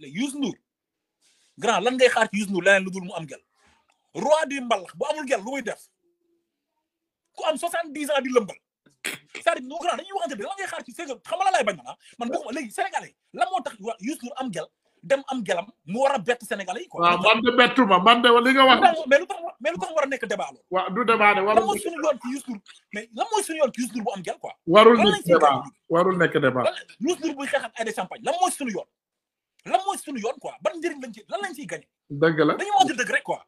léegi Youssou Ndour grand lan ngay xaar ci Youssou Ndour leneen lu dul mu am gel roi du mbalax bu amul gel lu muy def ku am 70 ans di lëmbal c'est-à-dire no grand dañuy waxante bi lan ngay xaar ci Sénégal xam nga lay bañ na man bokkuma léegi sénégalais lan moo tax Youssou Ndour am gel dem am gelam mu war a bett sénégalais yi quoi. waaw man de ma lu tax mais war nekk débat loolu. waaw du débat la warul. lan mooy suñu yoon ci Youssou Ndour mais lan bu am gel quoi. warul nekk débat warul nekk débat. Youssou Ndour buy xeex ak de champagne lan mooy suñu yoon. suñu yoon quoi ban njëriñ lañ ci lan la dañu wax dëgg rek quoi.